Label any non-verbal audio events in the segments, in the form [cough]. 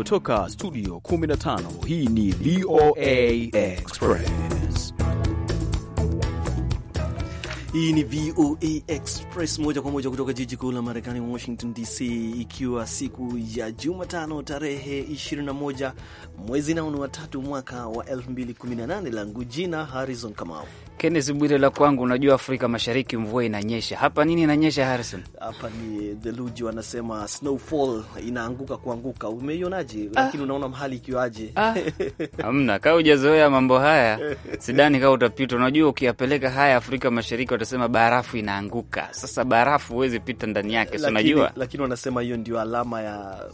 kutoka studio 15 hii ni VOA Express hii ni VOA Express moja kwa moja kutoka jiji kuu la Marekani, Washington DC, ikiwa siku ya Jumatano tarehe 21 mwezi nao ni mwaka wa 2018. Langu jina Harrison Kamau Kenneth Bwire, la kwangu, unajua Afrika Mashariki mvua inanyesha hapa. Nini inanyesha, Harrison? Hapa ni theluji, wanasema snowfall, inaanguka kuanguka. Umeionaje? Ah. Lakini ah, unaona mahali ikiwaje? Ah, [laughs] hamna kaa ujazoea mambo haya, sidani kaa utapita. Unajua ukiyapeleka haya Afrika Mashariki watasema barafu inaanguka. Sasa barafu huwezi pita ndani yake, si unajua. Lakini wanasema hiyo ndio alama ya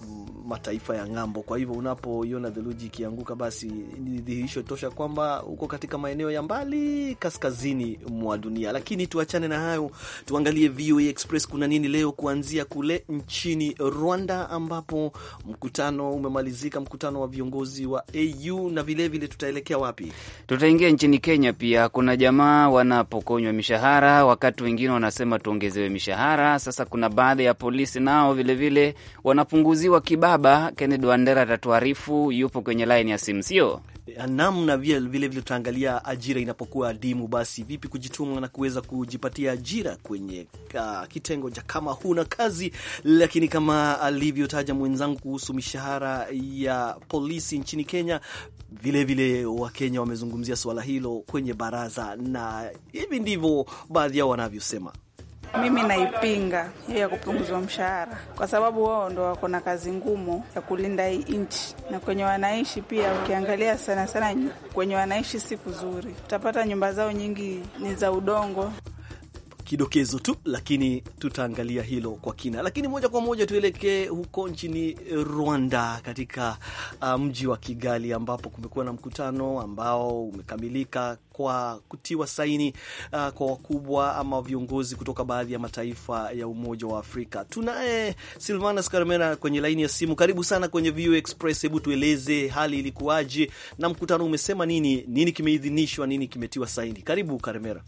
mataifa ya ng'ambo. Kwa hivyo unapoiona theluji ikianguka, basi ni dhihirisho tosha kwamba uko katika maeneo ya mbali kasi kaskazini mwa dunia. Lakini tuachane na hayo, tuangalie VOA Express kuna nini leo, kuanzia kule nchini Rwanda ambapo mkutano umemalizika, mkutano wa viongozi wa AU na vilevile, tutaelekea wapi? Tutaingia nchini Kenya pia. Kuna jamaa wanapokonywa mishahara, wakati wengine wanasema tuongezewe mishahara. Sasa kuna baadhi ya polisi nao vilevile vile, wanapunguziwa kibaba. Kennedy Wandera atatuarifu, yupo kwenye laini ya simu, sio? Eh, namna vilevile tutaangalia ajira inapokuwa adimu, basi vipi kujituma na kuweza kujipatia ajira kwenye uh, kitengo cha kama huna kazi. Lakini kama alivyotaja mwenzangu kuhusu mishahara ya polisi nchini Kenya, vilevile Wakenya wamezungumzia suala hilo kwenye baraza, na hivi ndivyo baadhi yao wanavyosema. Mimi naipinga hiyo ya kupunguzwa mshahara, kwa sababu wao ndo wako na kazi ngumu ya kulinda hii nchi, na kwenye wanaishi pia. Ukiangalia sana sana kwenye wanaishi si kuzuri, utapata nyumba zao nyingi ni za udongo kidokezo tu, lakini tutaangalia hilo kwa kina. Lakini moja kwa moja tuelekee huko nchini Rwanda, katika uh, mji wa Kigali ambapo kumekuwa na mkutano ambao umekamilika kwa kutiwa saini uh, kwa wakubwa ama viongozi kutoka baadhi ya mataifa ya Umoja wa Afrika. Tunaye eh, Silvanas Karmera kwenye laini ya simu. Karibu sana kwenye VU Express. Hebu tueleze hali ilikuwaje, na mkutano umesema nini? Nini kimeidhinishwa, nini kimetiwa saini? Karibu Karmera.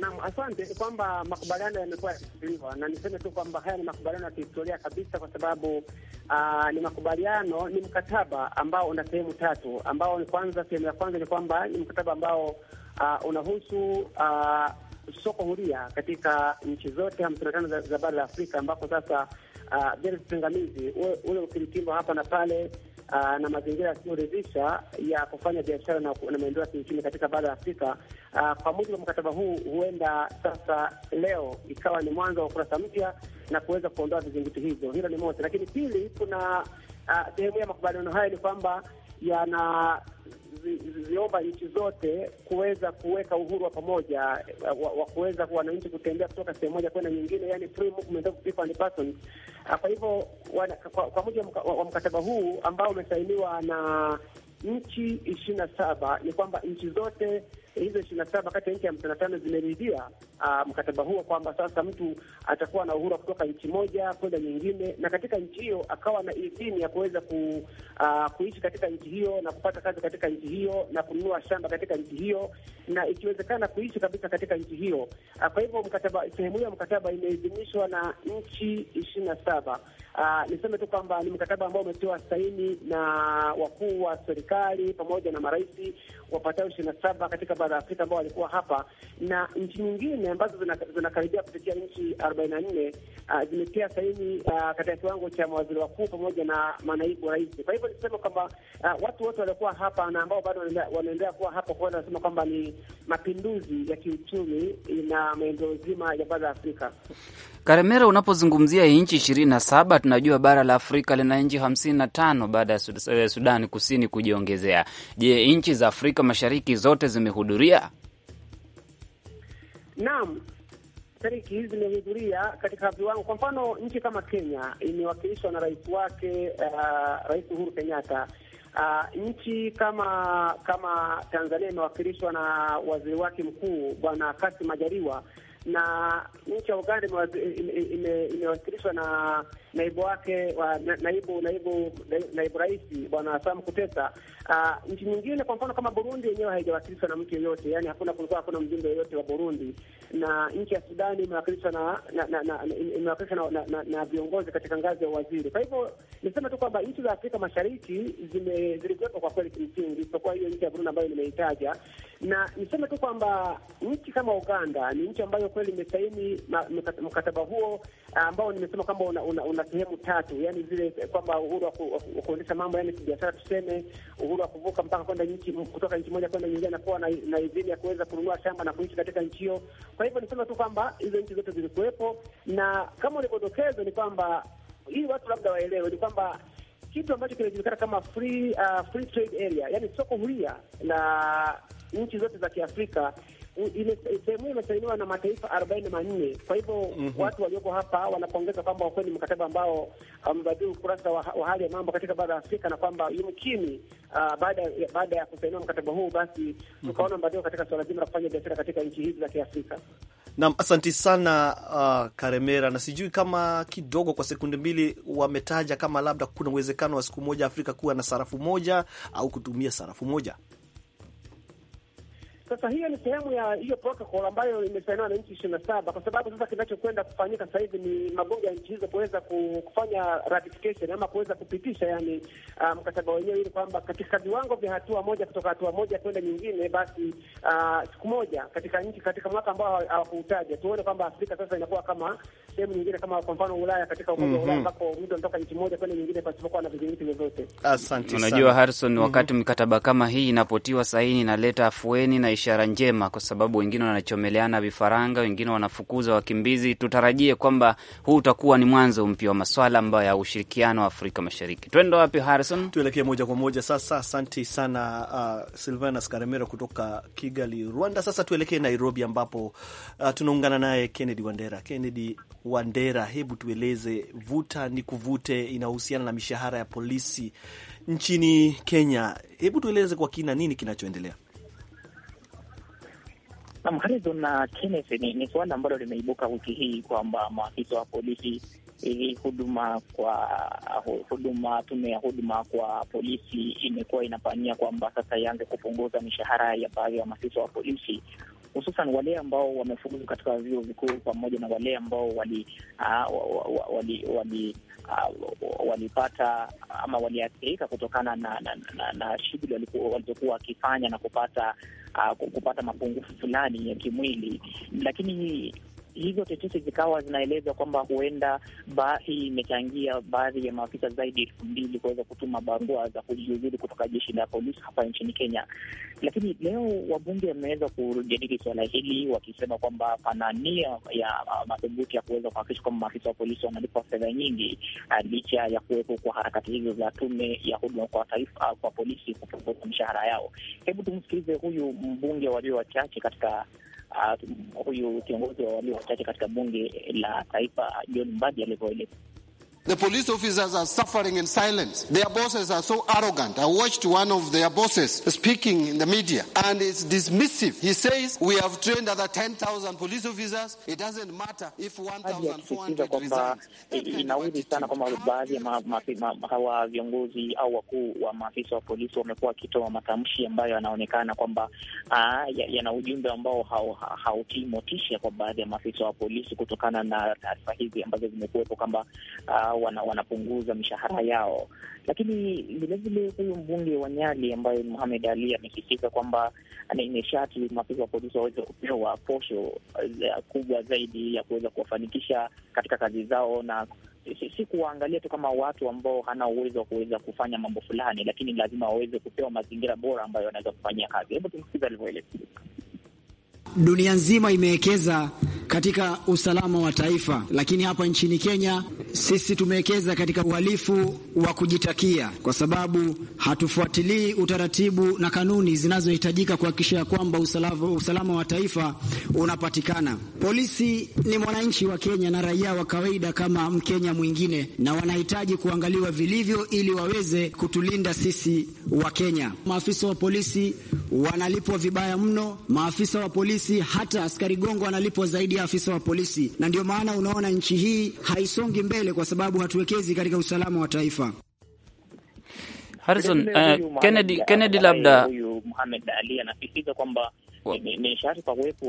Naam, asante kwamba makubaliano yamekuwa yakichukuliwa, na niseme tu kwamba haya ni makubaliano ya kihistoria kabisa, kwa sababu aa, ah, ni makubaliano, ni mkataba ambao una sehemu tatu, ambao ni kwanza, sehemu ya kwanza ni kwamba ni mkataba ambao aa, ah, unahusu aa, ah, soko huria katika nchi zote hamsini na tano za, za bara la Afrika ambapo sasa uh, vipingamizi ule ukiritimba hapa na pale uh, na mazingira yasiyoridhisha ya kufanya biashara na, na maendeleo ya kiuchumi katika bara la Afrika. Uh, kwa mujibu wa mkataba huu, huenda sasa leo ikawa ni mwanzo wa ukurasa mpya na kuweza kuondoa vizingiti hivyo. Hilo ni moja, lakini pili, kuna ah, sehemu uh, ya makubaliano hayo ni kwamba yana ziomba nchi zote kuweza kuweka uhuru wa pamoja eh, wa, wa kuweza wananchi kutembea kutoka sehemu moja kwenda nyingine, yani free movement of people and persons. Ah, kwa hivyo kwa mujibu wa mkataba huu ambao umesainiwa na nchi ishirini na saba ni kwamba nchi zote eh, hizo ishirini na saba kati ya nchi hamsini na tano zimeridhia ah, mkataba huo, kwamba sasa mtu atakuwa na uhuru wa kutoka nchi moja kwenda nyingine, na katika nchi hiyo akawa na idhini ya kuweza ku, ah, kuishi katika nchi hiyo na kupata kazi katika nchi hiyo na kununua shamba katika nchi hiyo na ikiwezekana kuishi kabisa katika nchi hiyo. Ah, kwa hivyo mkataba, sehemu hiyo ya mkataba imeidhinishwa na nchi ishirini na saba Uh, niseme tu kwamba ni mkataba ambao umetiwa saini na wakuu wa serikali pamoja na marais wapatao ishirini na saba katika bara la Afrika ambao walikuwa hapa, na nchi nyingine ambazo zinakaribia kufikia nchi arobaini na nne uh, zimetia saini uh, katika kiwango cha mawaziri wakuu pamoja na manaibu rais. Kwa hivyo niseme kwamba uh, watu wote waliokuwa hapa na ambao bado wanaendelea kuwa hapa kwa wanasema kwamba ni mapinduzi ya kiuchumi na maendeleo zima ya bara la Afrika. Karemera, unapozungumzia nchi ishirini na saba tunajua bara la Afrika lina nchi hamsini na tano baada ya eh, Sudani Kusini kujiongezea. Je, nchi za Afrika Mashariki zote zimehudhuria? Naam, shariki hizi zimehudhuria katika viwango. Kwa mfano, nchi kama Kenya imewakilishwa na rais wake, uh, Rais Uhuru Kenyatta. Uh, nchi kama kama Tanzania imewakilishwa na waziri wake mkuu Bwana Kassim Majaliwa na nchi ya Uganda imewakilishwa na naibu wake wa naibu naibu naibu rais Bwana Sam Kutesa. Uh, nchi nyingine kwa mfano kama Burundi yenyewe haijawakilishwa na mtu yeyote, yani hakuna kulikuwa hakuna mjumbe yeyote wa Burundi, na nchi ya Sudani imewakilishwa na imewakilishwa na, na, na, na viongozi katika ngazi ya waziri. Kwa hivyo nisema tu kwamba nchi za Afrika Mashariki zime zilikuwepo kwa kweli kimsingi, isipokuwa hiyo nchi ya Burundi ambayo nimeitaja na niseme tu kwamba nchi kama Uganda ni nchi ambayo kweli imesaini mkataba huo ah, ambao nimesema kwamba una, una, una sehemu tatu, yani zile kwamba uhuru wa kuendesha mambo yani kibiashara, tuseme uhuru wa kuvuka mpaka kwenda nchi kutoka nchi moja kwenda nyingine, na kuwa na idhini ya kuweza kununua shamba na kuishi katika nchi hiyo. Kwa hivyo niseme tu kwamba hizo nchi zote zilikuwepo, na kama ulivyodokeza ni kwamba hii watu labda waelewe ni kwamba kitu ambacho kinajulikana kama free, uh, free trade area, yani soko huria la nchi zote za Kiafrika. Sehemu hiyo imesainiwa na mataifa arobaini na manne. Kwa hivyo mm -hmm. watu walioko hapa wanapongeza kwamba wakuwe ni mkataba ambao umebadili um, ukurasa wa, wa hali ya mambo katika bara la Afrika na kwamba yumkini uh, baada baada ya kusainiwa mkataba huu basi mm -hmm. tukaona mabadiliko katika suala zima la kufanya biashara katika nchi hizi za Kiafrika. Nam, asanti sana uh, Karemera, na sijui kama kidogo kwa sekunde mbili wametaja kama labda kuna uwezekano wa siku moja Afrika kuwa na sarafu moja au kutumia sarafu moja. Sasa hiyo ni sehemu ya hiyo protocol ambayo imesainiwa na nchi ishirini na saba, kwa sababu sasa kinachokwenda kufanyika sasa hivi ni mabunge ya nchi hizo kuweza kufanya ratification ama kuweza kupitisha yani uh, mkataba um, wenyewe, ili kwamba katika viwango vya hatua moja kutoka hatua moja kwenda nyingine, basi uh, siku uh, moja katika nchi katika mwaka ambao hawakuutaja, tuone kwamba Afrika sasa inakuwa kama sehemu nyingine, kama kwa mfano Ulaya, katika umoja mm wa mhm. Ulaya ambapo mtu anatoka nchi moja kwenda nyingine pasipokuwa na vizingiti vyovyote. Asante. sana. Unajua Harrison, mhm. wakati mkataba kama hii inapotiwa saini inaleta afueni na biashara njema, kwa sababu wengine wanachomeleana vifaranga, wengine wanafukuza wakimbizi. Tutarajie kwamba huu utakuwa ni mwanzo mpya wa maswala ambayo ya ushirikiano wa Afrika Mashariki. Twende wapi, Harrison? Tuelekee moja kwa moja sasa. Asante sana uh, Silvanus Karemera kutoka Kigali, Rwanda. Sasa tuelekee Nairobi ambapo uh, tunaungana naye Kennedy Wandera. Kennedy Wandera, hebu tueleze, vuta ni kuvute inahusiana na mishahara ya polisi nchini Kenya. Hebu tueleze kwa kina nini kinachoendelea? Na Mharizo na Kenneth, ni, ni suala ambalo limeibuka wiki hii kwamba maafisa wa polisi hii eh, huduma kwa huduma, tume ya huduma kwa polisi imekuwa inapania kwamba sasa ianze kupunguza mishahara ya baadhi ya maafisa wa polisi hususan wale ambao wamefuzu katika vyuo vikuu pamoja na wale ambao wali ah, ah, walipata ama waliathirika kutokana na, na, na, na shughuli walizokuwa wakifanya na kupata Ah, kupata mapungufu fulani ya kimwili, lakini hizo tetesi zikawa zinaeleza kwamba huenda hii imechangia baadhi ya maafisa zaidi elfu mbili kuweza kutuma barua za kujiuzulu kutoka jeshi la polisi hapa nchini Kenya. Lakini leo wabunge wameweza kujadili suala hili wakisema kwamba pana nia ya uh, madhubuti ya kuweza kuhakikisha kwamba maafisa wa polisi wanalipwa fedha nyingi, uh, licha ya kuwepo kwa harakati hizo za tume ya huduma kwa taifa uh, kwa polisi kupunguza mishahara yao. Hebu tumsikilize huyu mbunge walio wachache katika Ah, huyu kiongozi wa walio wachache katika bunge la taifa John Mbadi alivyoeleza. The police officers are suffering in silence. Their bosses are so arrogant. I watched one of their bosses speaking in the media and it's dismissive. He says, we have trained other 10,000 police officers. It doesn't matter if 1,400 kwamba sana kwamba baadhi ya hawa viongozi au wakuu wa maafisa wa polisi wamekuwa wakitoa matamshi ambayo yanaonekana kwamba ah, yana ujumbe ambao hautii motisha kwa baadhi ya maafisa wa polisi kutokana na taarifa hizi ambazo zimekuwepo kwamba ah, au wana, wanapunguza mishahara yao. Lakini vilevile huyu mbunge wa Nyali ambaye muhamed Ali amesisitiza kwamba ni maafisa wa polisi waweze kupewa posho eh, kubwa zaidi ya kuweza kuwafanikisha katika kazi zao na si kuwaangalia tu kama watu ambao hana uwezo wa kuweza kufanya mambo fulani, lakini lazima waweze kupewa mazingira bora ambayo wanaweza kufanyia kazi. Hebu tumsikiza alivyoeleza dunia nzima imewekeza katika usalama wa taifa, lakini hapa nchini Kenya sisi tumewekeza katika uhalifu wa kujitakia, kwa sababu hatufuatilii utaratibu na kanuni zinazohitajika kuhakikisha ya kwamba usalama wa taifa unapatikana. Polisi ni mwananchi wa Kenya na raia wa kawaida kama Mkenya mwingine, na wanahitaji kuangaliwa vilivyo ili waweze kutulinda sisi wa Kenya. Maafisa wa polisi wanalipwa vibaya mno. Maafisa wa polisi, hata askari gongo wanalipwa zaidi ya afisa wa polisi, na ndio maana unaona nchi hii haisongi mbele, kwa sababu hatuwekezi katika usalama wa taifa. Harrison, uh, Kennedy, Kennedy labda huyu Muhammad Ali anasisitiza kwamba ni sharti pakuwepo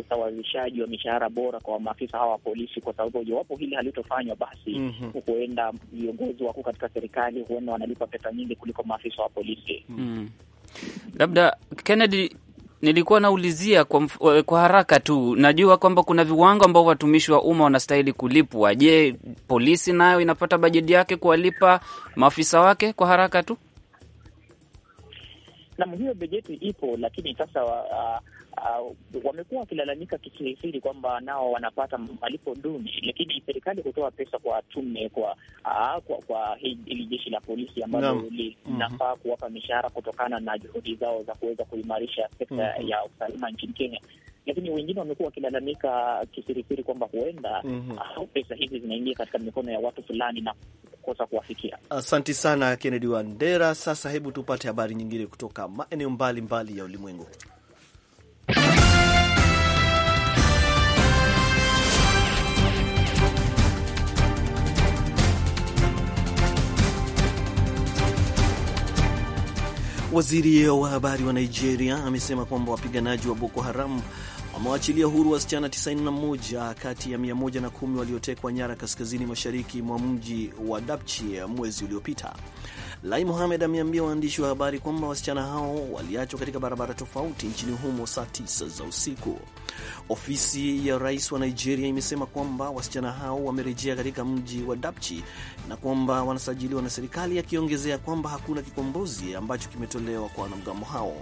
usawazishaji wa mishahara bora kwa maafisa hawa wa polisi, kwa sababu iwapo hili halitofanywa basi mm -hmm. huenda viongozi wakuu katika serikali huenda wanalipa pesa nyingi kuliko maafisa wa polisi mm -hmm. Labda Kennedy, nilikuwa naulizia kwa, eh, kwa haraka tu, najua kwamba kuna viwango ambavyo watumishi wa umma wanastahili kulipwa. Je, polisi nayo inapata bajeti yake kuwalipa maafisa wake? Kwa haraka tu nam, hiyo bajeti ipo, lakini sasa ah, uh, wamekuwa wakilalamika kisirisiri kwamba nao wanapata malipo duni, lakini serikali hutoa pesa kwa tume kwa uh, kwa, kwa hili jeshi la polisi ambalo no. Mhm. linafaa mm -hmm. kuwapa mishahara kutokana na juhudi zao za kuweza kuimarisha sekta mm -hmm. ya usalama nchini Kenya lakini wengine wamekuwa wakilalamika kisirisiri kwamba huenda mm -hmm. uh, pesa hizi zinaingia katika mikono ya watu fulani na kukosa kuwafikia. Asanti sana Kennedy Wandera. Sasa hebu tupate habari nyingine kutoka maeneo mbalimbali ya ulimwengu. Waziri wa habari wa Nigeria amesema kwamba wapiganaji wa Boko Haram wamewachilia huru wasichana 91 kati ya 110 waliotekwa nyara kaskazini mashariki mwa mji wa Dapchi mwezi uliopita. Lai Mohamed ameambia waandishi wa habari kwamba wasichana hao waliachwa katika barabara tofauti nchini humo saa tisa za usiku. Ofisi ya rais wa Nigeria imesema kwamba wasichana hao wamerejea katika mji wa Dapchi na kwamba wanasajiliwa na serikali, akiongezea kwamba hakuna kikombozi ambacho kimetolewa kwa wanamgambo hao.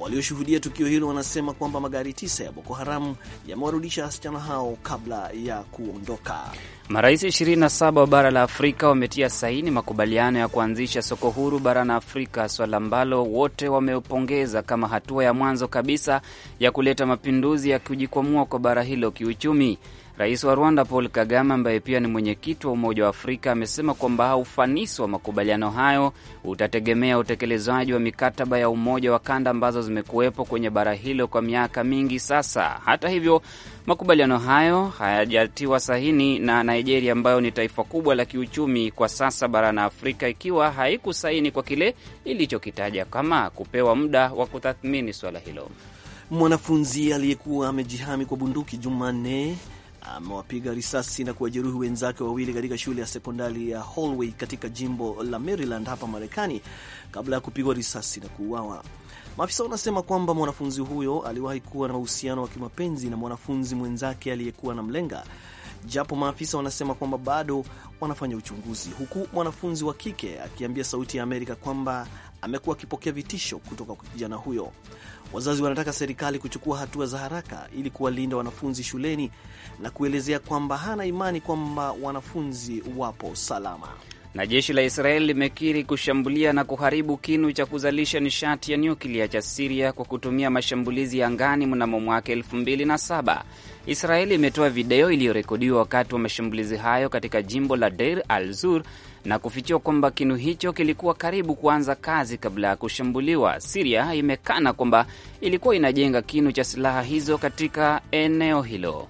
Walioshuhudia tukio hilo wanasema kwamba magari tisa ya Boko Haramu yamewarudisha wasichana hao kabla ya kuondoka. Marais 27 wa bara la Afrika wametia saini makubaliano ya kuanzisha soko huru barani Afrika, swala ambalo wote wameupongeza kama hatua ya mwanzo kabisa ya kuleta mapinduzi ya kujikwamua kwa bara hilo kiuchumi. Rais wa Rwanda Paul Kagame, ambaye pia ni mwenyekiti wa Umoja wa Afrika, amesema kwamba ufanisi wa makubaliano hayo utategemea utekelezaji wa mikataba ya Umoja wa Kanda ambazo zimekuwepo kwenye bara hilo kwa miaka mingi sasa. Hata hivyo, makubaliano hayo hayajatiwa sahini na Nigeria, ambayo ni taifa kubwa la kiuchumi kwa sasa barani Afrika, ikiwa haikusaini kwa kile ilichokitaja kama kupewa muda wa kutathmini suala hilo. Mwanafunzi aliyekuwa amejihami kwa bunduki Jumanne amewapiga risasi na kuwajeruhi wenzake wawili katika shule ya sekondari ya Holloway katika jimbo la Maryland hapa Marekani kabla ya kupigwa risasi na kuuawa. Maafisa wanasema kwamba mwanafunzi huyo aliwahi kuwa na uhusiano wa kimapenzi na mwanafunzi mwenzake aliyekuwa na mlenga, japo maafisa wanasema kwamba bado wanafanya uchunguzi, huku mwanafunzi wa kike akiambia Sauti ya Amerika kwamba amekuwa akipokea vitisho kutoka kwa kijana huyo. Wazazi wanataka serikali kuchukua hatua za haraka ili kuwalinda wanafunzi shuleni na kuelezea kwamba hana imani kwamba wanafunzi wapo salama. Na jeshi la Israeli limekiri kushambulia na kuharibu kinu cha kuzalisha nishati ya nyuklia cha Siria kwa kutumia mashambulizi ya angani mnamo mwaka elfu mbili na saba. Israeli imetoa video iliyorekodiwa wakati wa mashambulizi hayo katika jimbo la Deir al-Zur na kufichua kwamba kinu hicho kilikuwa karibu kuanza kazi kabla ya kushambuliwa. Siria imekana kwamba ilikuwa inajenga kinu cha silaha hizo katika eneo hilo.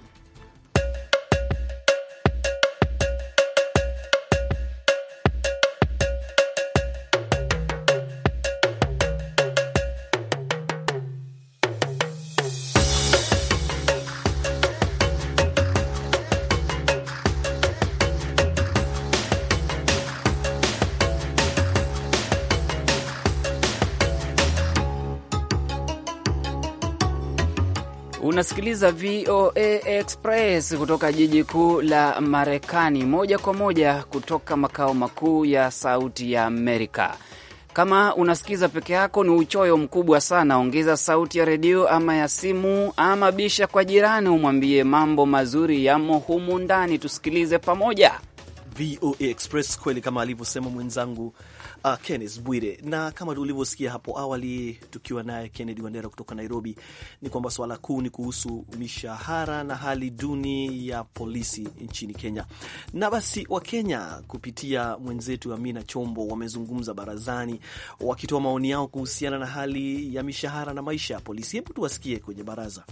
unasikiliza VOA Express kutoka jiji kuu la Marekani, moja kwa moja kutoka makao makuu ya Sauti ya Amerika. Kama unasikiza peke yako ni uchoyo mkubwa sana, ongeza sauti ya redio ama ya simu, ama bisha kwa jirani, umwambie mambo mazuri yamo humu ndani, tusikilize pamoja. VOA Express, kweli kama alivyosema mwenzangu uh, Kenneth Bwire, na kama tulivyosikia hapo awali tukiwa naye Kennedy Wandera kutoka Nairobi, ni kwamba swala kuu ni kuhusu mishahara na hali duni ya polisi nchini Kenya. Na basi Wakenya kupitia mwenzetu Amina Chombo wamezungumza barazani wakitoa maoni yao kuhusiana na hali ya mishahara na maisha ya polisi. Hebu tuwasikie kwenye baraza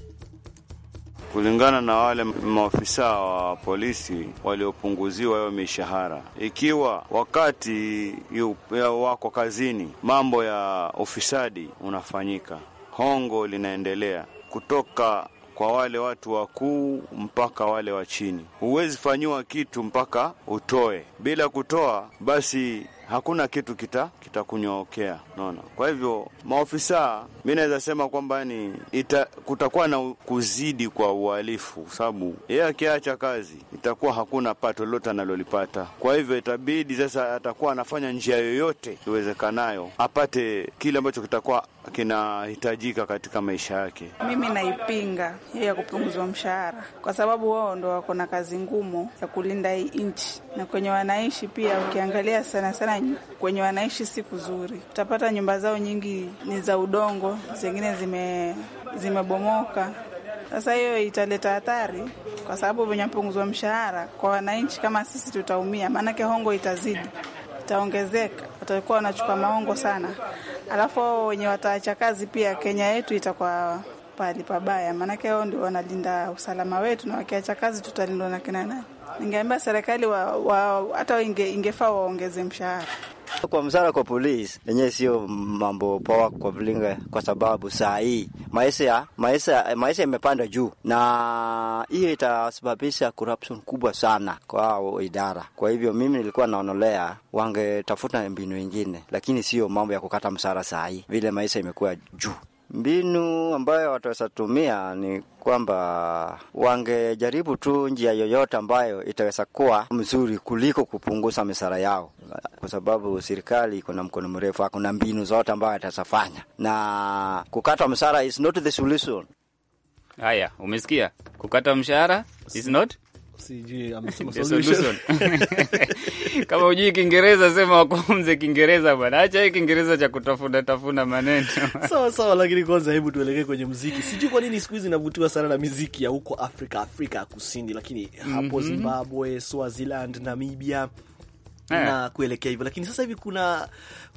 kulingana na wale maofisa wa polisi waliopunguziwa hiyo mishahara. Ikiwa wakati wako kazini, mambo ya ufisadi unafanyika, hongo linaendelea kutoka kwa wale watu wakuu mpaka wale wa chini. Huwezi fanyiwa kitu mpaka utoe. Bila kutoa, basi hakuna kitu kita kitakunyookea, naona. Kwa hivyo maofisa, mi naweza sema kwamba ni ita, kutakuwa na kuzidi kwa uhalifu, sababu yeye akiacha kazi itakuwa hakuna pato lolote analolipata. Kwa hivyo itabidi sasa atakuwa anafanya njia yoyote iwezekanayo apate kile ambacho kitakuwa kinahitajika katika maisha yake. Mimi naipinga hiyo ya kupunguzwa mshahara, kwa sababu wao ndo wako na kazi ngumu ya kulinda hii nchi na kwenye wanaishi pia. Ukiangalia sana sana kwenye wanaishi si kuzuri, utapata nyumba zao nyingi ni za udongo, zingine zime zimebomoka. Sasa hiyo italeta hatari, kwa sababu venye mpunguzwa mshahara kwa wananchi kama sisi tutaumia, maanake hongo itazidi itaongezeka, watakuwa wanachukua maongo sana, alafu wenye wataacha kazi pia, Kenya yetu itakuwa pahali pabaya, maanake wao ndio wanalinda usalama wetu, na wakiacha kazi tutalindwa na kina nani? Ningeambia serikali hata wa, wa, ingefaa inge waongeze mshahara kwa msara kwa polisi yenyewe sio mambo poa kwa vilinga, kwa sababu saa hii maisha maisha maisha imepanda juu, na hiyo itasababisha corruption kubwa sana kwa idara. Kwa hivyo mimi nilikuwa naonolea wangetafuta mbinu nyingine, lakini sio mambo ya kukata msara saa hii vile maisha imekuwa juu. Mbinu ambayo wataweza tumia ni kwamba wangejaribu tu njia yoyote ambayo itaweza kuwa mzuri kuliko kupunguza misara yao, kwa sababu serikali iko na mkono mrefu, hakuna mbinu zote ambayo atazafanya fanya, na kukata msara is not the solution. Haya, umesikia, kukata mshahara is not Sijui [laughs] [laughs] Kama hujui Kiingereza sema wakumze Kiingereza bwana, acha hii Kiingereza cha kutafuna tafuna maneno [laughs] sawa sawa. Lakini kwanza, hebu tuelekee kwenye mziki Sijui kwa nini siku hizi navutiwa sana na miziki ya huko Afrika, Afrika ya Kusini, lakini hapo mhm. Zimbabwe, Swaziland, Namibia yeah, na kuelekea hivyo, lakini sasa hivi kuna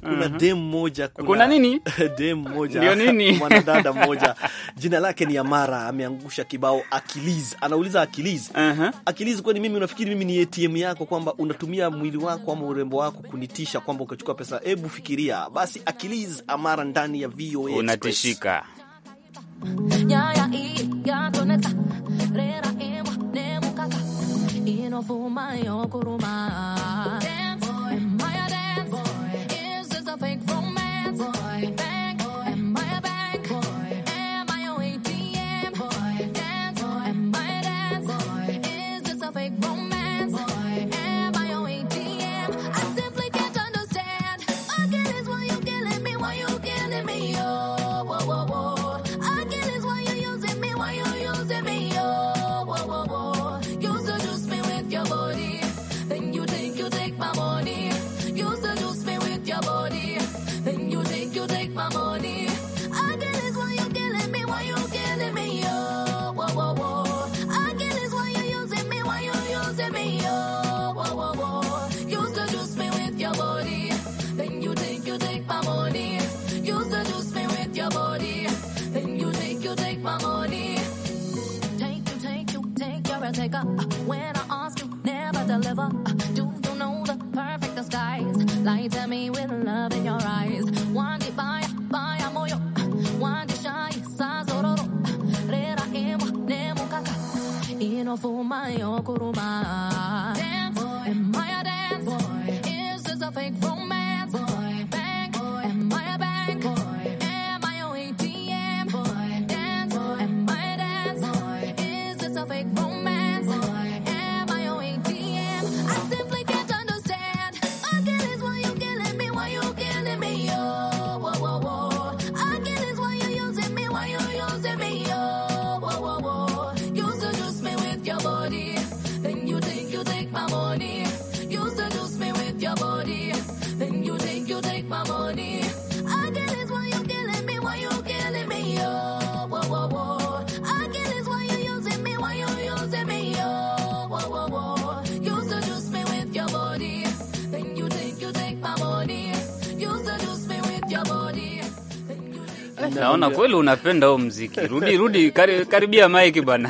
kuna mm -hmm. dem moja kuna, kuna nini [laughs] dem moja ndio nini [laughs] mwanadada mmoja jina lake ni Amara ameangusha kibao Akiliz, anauliza Akiliz uh -huh. Akiliz, kwani mimi unafikiri mimi ni ATM yako kwamba unatumia mwili wako ama urembo wako kunitisha kwamba ukachukua pesa? Hebu fikiria basi. Akiliz Amara ndani ya VOA unatishika for my okoroma. naona kweli unapenda huo mziki. Rudi rudi, kar, karibia mike bwana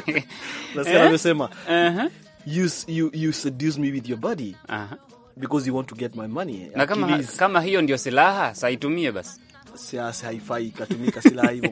[laughs] nasikia amesema eh? uh-huh. you, you seduce me with your body uh -huh. because you want to get my money. Na kama, kama hiyo ndio silaha saitumie basi siasa haifai ikatumika silaha hivyo,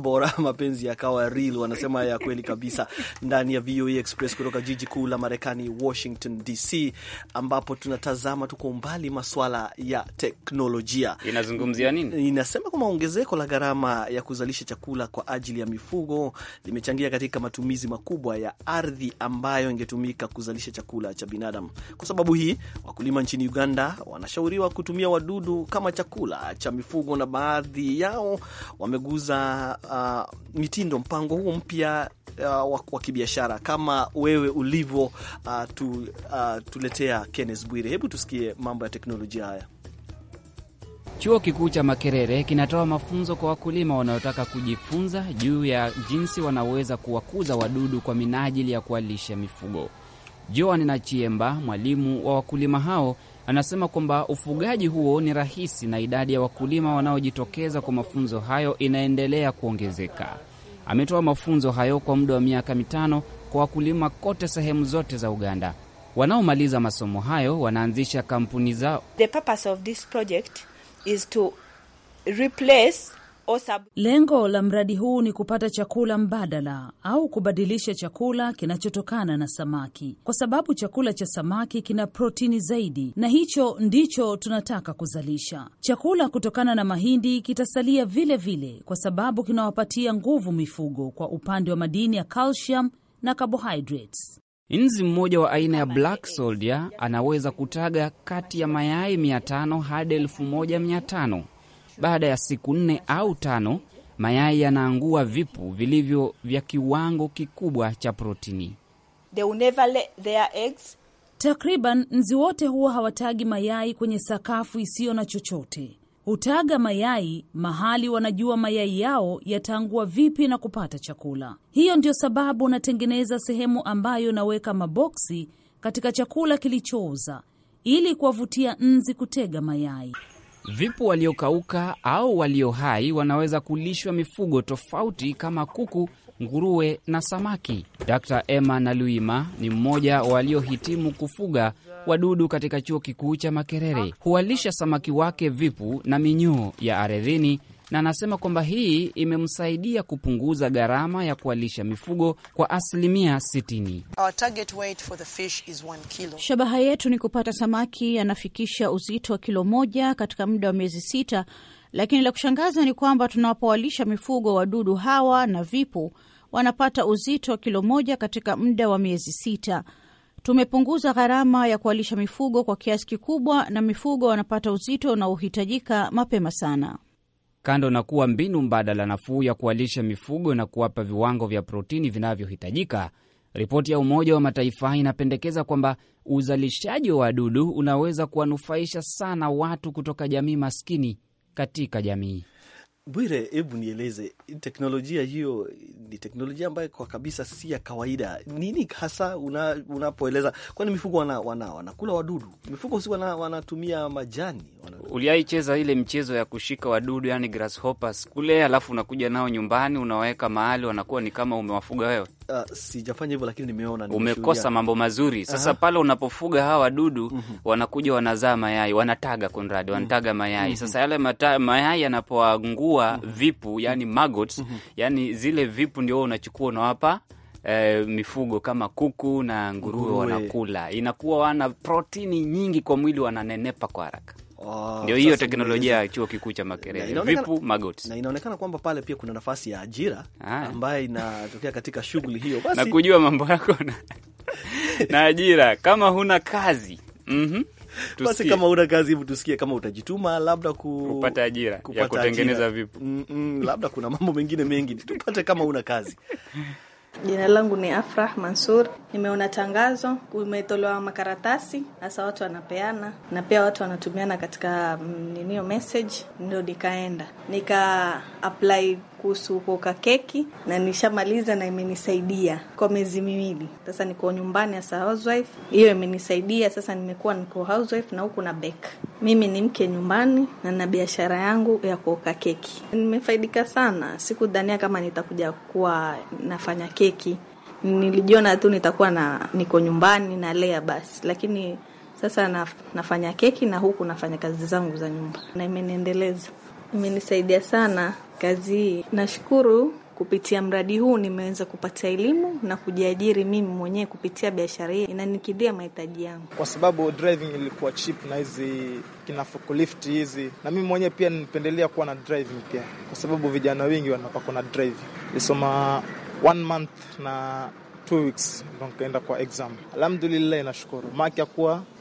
bora [laughs] mapenzi yakawa real. Wanasema ya kweli kabisa, ndani ya VOA e Express kutoka jiji kuu la Marekani, Washington DC, ambapo tunatazama tu kwa umbali maswala ya teknolojia. Inazungumzia nini? Inasema kwamba ongezeko la gharama ya kuzalisha chakula kwa ajili ya mifugo limechangia katika matumizi makubwa ya ardhi ambayo ingetumika kuzalisha chakula cha binadamu. Kwa sababu hii, wakulima nchini Uganda wanashauriwa kutumia wadudu kama chakula cha mifugo na baadhi yao wameguza uh, mitindo mpango huu mpya uh, wa kibiashara kama wewe ulivyo uh, tu, uh, tuletea Kenneth Bwire. Hebu tusikie mambo ya teknolojia haya. Chuo kikuu cha Makerere kinatoa mafunzo kwa wakulima wanaotaka kujifunza juu ya jinsi wanaweza kuwakuza wadudu kwa minajili ya kuwalisha mifugo. Joan Nachiemba, mwalimu wa wakulima hao, Anasema kwamba ufugaji huo ni rahisi na idadi ya wakulima wanaojitokeza kwa mafunzo hayo inaendelea kuongezeka. Ametoa mafunzo hayo kwa muda wa miaka mitano kwa wakulima kote sehemu zote za Uganda. Wanaomaliza masomo hayo wanaanzisha kampuni zao. The purpose of this project is to replace OSAB. Lengo la mradi huu ni kupata chakula mbadala au kubadilisha chakula kinachotokana na samaki, kwa sababu chakula cha samaki kina protini zaidi, na hicho ndicho tunataka kuzalisha. Chakula kutokana na mahindi kitasalia vile vile, kwa sababu kinawapatia nguvu mifugo kwa upande wa madini ya calcium na carbohydrates. Nzi mmoja wa aina ya black soldier anaweza kutaga kati ya mayai 500 hadi 1500. Baada ya siku nne au tano, mayai yanaangua vipu vilivyo vya kiwango kikubwa cha protini. Takriban nzi wote huwa hawatagi mayai kwenye sakafu isiyo na chochote. Hutaga mayai mahali wanajua mayai yao yataangua vipi na kupata chakula. Hiyo ndio sababu unatengeneza sehemu ambayo unaweka maboksi katika chakula kilichooza ili kuwavutia nzi kutega mayai vipu waliokauka au walio hai wanaweza kulishwa mifugo tofauti kama kuku, nguruwe na samaki. Dr. Emma Naluima ni mmoja waliohitimu kufuga wadudu katika chuo kikuu cha Makerere. Huwalisha samaki wake vipu na minyoo ya ardhini na anasema kwamba hii imemsaidia kupunguza gharama ya kualisha mifugo kwa asilimia 60. Shabaha yetu ni kupata samaki anafikisha uzito wa kilo moja katika muda wa miezi sita, lakini la kushangaza ni kwamba tunapowalisha mifugo wadudu hawa na vipu wanapata uzito wa kilo moja katika muda wa miezi sita. Tumepunguza gharama ya kualisha mifugo kwa kiasi kikubwa, na mifugo wanapata uzito unaohitajika mapema sana kando na kuwa mbinu mbadala nafuu ya kuwalisha mifugo na kuwapa viwango vya protini vinavyohitajika, ripoti ya Umoja wa Mataifa inapendekeza kwamba uzalishaji wa wadudu unaweza kuwanufaisha sana watu kutoka jamii maskini katika jamii. Bwire, hebu nieleze teknolojia hiyo, ni teknolojia ambayo kwa kabisa si ya kawaida. Nini hasa unapoeleza una, kwani mifugo wana, wana, wadudu? Mifugo si wana, wanatumia majani wana... uliaicheza ile mchezo ya kushika wadudu, yani grasshoppers kule, alafu unakuja nao nyumbani, unawaweka mahali, wanakuwa ni kama umewafuga wewe uh, sijafanya hivyo, lakini nimeona umekosa mambo mazuri. Sasa Aha. pale unapofuga hawa wadudu mm -hmm. wanakuja wanazaa mayai, wanataga kunradi, wanataga mhm. mayai mm -hmm. Sasa yale mata, mayai yanapoangua mm -hmm. vipu, yani mhm. maggots mm -hmm. yani zile vipu ndio unachukua unawapa E, mifugo kama kuku na nguruwe wanakula, inakuwa wana protini nyingi kwa mwili, wananenepa kwa haraka. Ah, ndio hiyo teknolojia ya chuo kikuu cha Makerere, vipu magoti, na inaonekana kwamba pale pia kuna nafasi ya ajira ah. ambayo inatokea katika shughuli hiyo. [laughs] Basi na kujua mambo yako na, [laughs] na ajira kama huna kazi mm -hmm. Basi kama una kazi hebu tusikie kama utajituma labda ku... kupata ajira kupata ya kutengeneza Vipu mm -mm, labda kuna mambo mengine mengi tupate kama una kazi [laughs] Jina langu ni Afrah Mansur. Nimeona tangazo, kumetolewa makaratasi hasa watu wanapeana na pia watu wanatumiana katika mm, ninio message, ndio nikaenda nika apply kuhusu kuoka keki na nishamaliza na imenisaidia kwa miezi miwili sasa. Niko nyumbani as a housewife, hiyo imenisaidia sasa. Nimekuwa niko housewife na huku na bake. Mimi ni mke nyumbani na na biashara yangu ya kuoka keki. Nimefaidika sana, sikudhania kama nitakuja kuwa nafanya keki. Nilijiona tu nitakuwa na niko nyumbani na lea basi, lakini sasa na, nafanya keki na huku nafanya kazi zangu za nyumba na imeniendeleza, imenisaidia sana kazi hii. Nashukuru kupitia mradi huu nimeweza kupata elimu na kujiajiri mimi mwenyewe kupitia biashara hii, inanikidhia mahitaji yangu, kwa sababu driving ilikuwa cheap na hizi kina forklift hizi, na mimi mwenyewe pia nipendelea kuwa na driving pia, kwa sababu vijana wengi wanapako na driving. one month na two weeks ndo nikaenda kwa exam. Alhamdulillah, nashukuru maki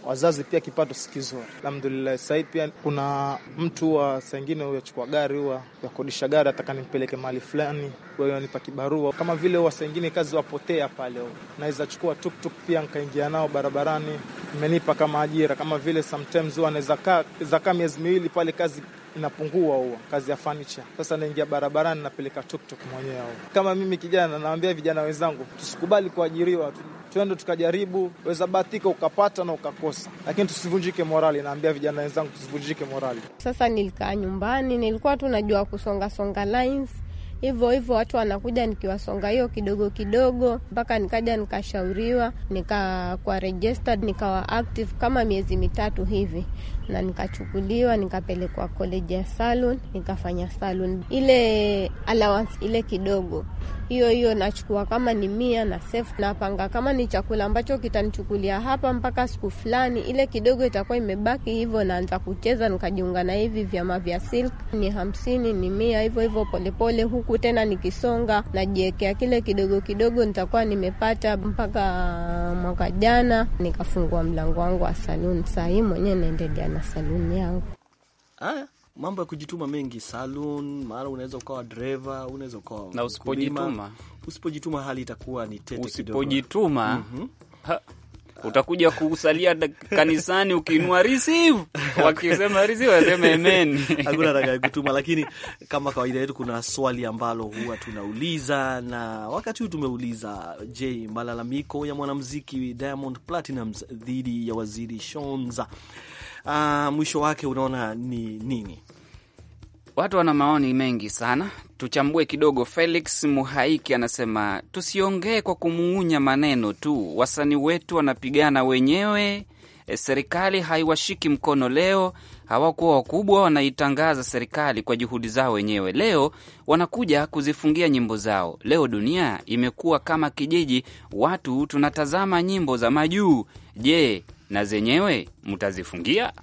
wazazi pia kipato si kizuri, alhamdulillah. Sahii pia kuna mtu wa sengine huyachukua gari huwa yakodisha gari, ataka nimpeleke mahali fulani, wanipa kibarua kama vile huwa sengine kazi wapotea pale, naweza chukua tuktuk pia nkaingia nao barabarani, imenipa kama ajira, kama vile sometimes huwa naweza kaa miezi miwili pale kazi inapungua huo kazi ya fanicha. Sasa naingia barabarani napeleka tuktuk mwenyewe. Kama mimi kijana, nawaambia vijana wenzangu tusikubali kuajiriwa tuende tukajaribu, weza bahatika ukapata na ukakosa, lakini tusivunjike morali. Naambia vijana wenzangu tusivunjike morali. Sasa nilikaa nyumbani, nilikuwa tu najua kusongasonga lines hivyo hivyo watu wanakuja nikiwasonga hiyo kidogo kidogo, mpaka nikaja nikashauriwa, nikakuwa registered, nikawa active kama miezi mitatu hivi na nikachukuliwa nikapelekwa college ya salon, nikafanya salon. Ile allowance ile kidogo hiyo hiyo nachukua kama ni mia na safe, napanga kama ni chakula ambacho kitanichukulia hapa mpaka siku fulani, ile kidogo itakuwa imebaki hivyo, naanza kucheza, nikajiunga na hivi vyama vya silk, ni hamsini, ni mia, hivyo hivyo polepole, huku tena nikisonga, najiwekea kile kidogo kidogo nitakuwa nimepata, mpaka mwaka jana nikafungua mlango wangu wa saluni. Sahii mwenyewe naendelea na saluni yao. Haya mambo ya kujituma mengi, saluni, mara unaweza ukawa dreva, unaweza ukawa na usipojituma, usipojituma hali itakuwa ni tete Usipojituma mhm. Utakuja kusalia kanisani ukiinua receive, wakisema receive wasema amen. [laughs] Hakuna raga ya kutuma. Lakini kama kawaida yetu, kuna swali ambalo huwa tunauliza, na wakati huu tumeuliza, je, malalamiko ya mwanamuziki Diamond Platinumz dhidi ya waziri Shonza uh, mwisho wake unaona ni nini? Watu wana maoni mengi sana, tuchambue kidogo. Felix Muhaiki anasema tusiongee kwa kumuunya maneno tu, wasanii wetu wanapigana wenyewe, e, serikali haiwashiki mkono. Leo hawakuwa wakubwa, wanaitangaza serikali kwa juhudi zao wenyewe, leo wanakuja kuzifungia nyimbo zao. Leo dunia imekuwa kama kijiji, watu tunatazama nyimbo za majuu. Je, na zenyewe mtazifungia?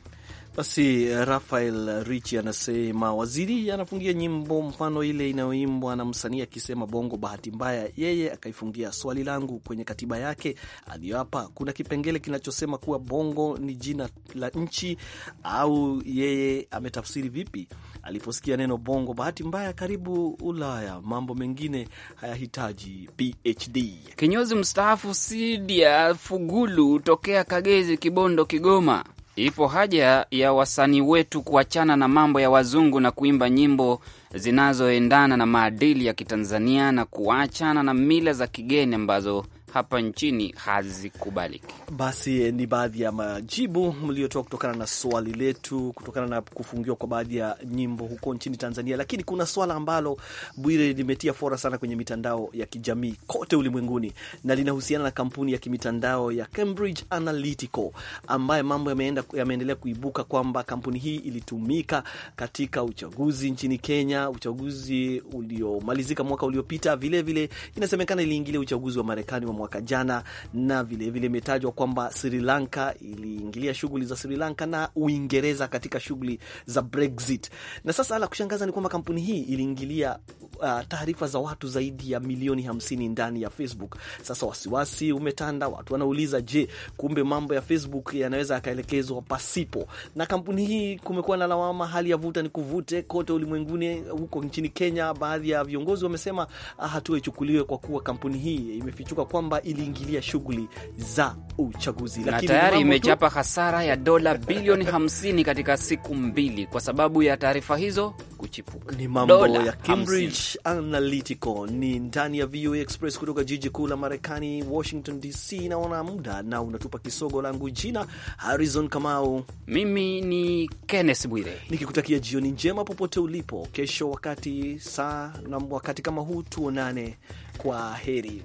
Basi eh, Rafael Richi anasema waziri anafungia nyimbo mfano ile inayoimbwa na msanii akisema bongo bahati mbaya, yeye akaifungia. Swali langu kwenye katiba yake aliyoapa kuna kipengele kinachosema kuwa bongo ni jina la nchi, au yeye ametafsiri vipi aliposikia neno bongo bahati mbaya? Karibu Ulaya, mambo mengine hayahitaji PhD. Kinyozi mstaafu Sidia Fugulu tokea Kagezi, Kibondo, Kigoma Ipo haja ya wasanii wetu kuachana na mambo ya wazungu na kuimba nyimbo zinazoendana na maadili ya Kitanzania na kuachana na mila za kigeni ambazo hapa nchini hazikubaliki. Basi eh, ni baadhi ya majibu mliotoa kutokana na swali letu, kutokana na kufungiwa kwa baadhi ya nyimbo huko nchini Tanzania. Lakini kuna swala ambalo Bwire limetia fora sana kwenye mitandao ya kijamii kote ulimwenguni, na linahusiana na kampuni ya kimitandao ya Cambridge Analytical ambaye mambo yameendelea ya kuibuka kwamba kampuni hii ilitumika katika uchaguzi nchini Kenya, uchaguzi uliomalizika mwaka uliopita. Vilevile inasemekana iliingilia uchaguzi wa Marekani wa mwaka jana, na vilevile imetajwa vile kwamba Sri Lanka iliingilia shughuli za Sri Lanka na Uingereza katika shughuli za Brexit. Na sasa la kushangaza ni kwamba kampuni hii iliingilia uh, taarifa za watu zaidi ya milioni hamsini ndani ya Facebook. Sasa wasiwasi umetanda, watu wanauliza, je, kumbe mambo ya Facebook yanaweza yakaelekezwa pasipo na kampuni hii? Kumekuwa na lawama, hali ya vuta ni kuvute kote ulimwenguni. Huko nchini Kenya, baadhi ya viongozi wamesema ah, hatua ichukuliwe kwa kuwa kampuni hii imefichuka kwamba kwamba iliingilia shughuli za uchaguzi na tayari imechapa hasara ya dola bilioni 50 katika siku mbili kwa sababu ya taarifa hizo kuchipuka. Ni mambo ya Cambridge Analytica. Ni ndani ya VOA Express kutoka jiji kuu la Marekani, Washington DC. Naona muda na unatupa kisogo langu. Jina Harrison Kamau, mimi ni Kenneth Bwire nikikutakia jioni njema popote ulipo. Kesho wakati saa na wakati kama huu tuonane. Kwa heri.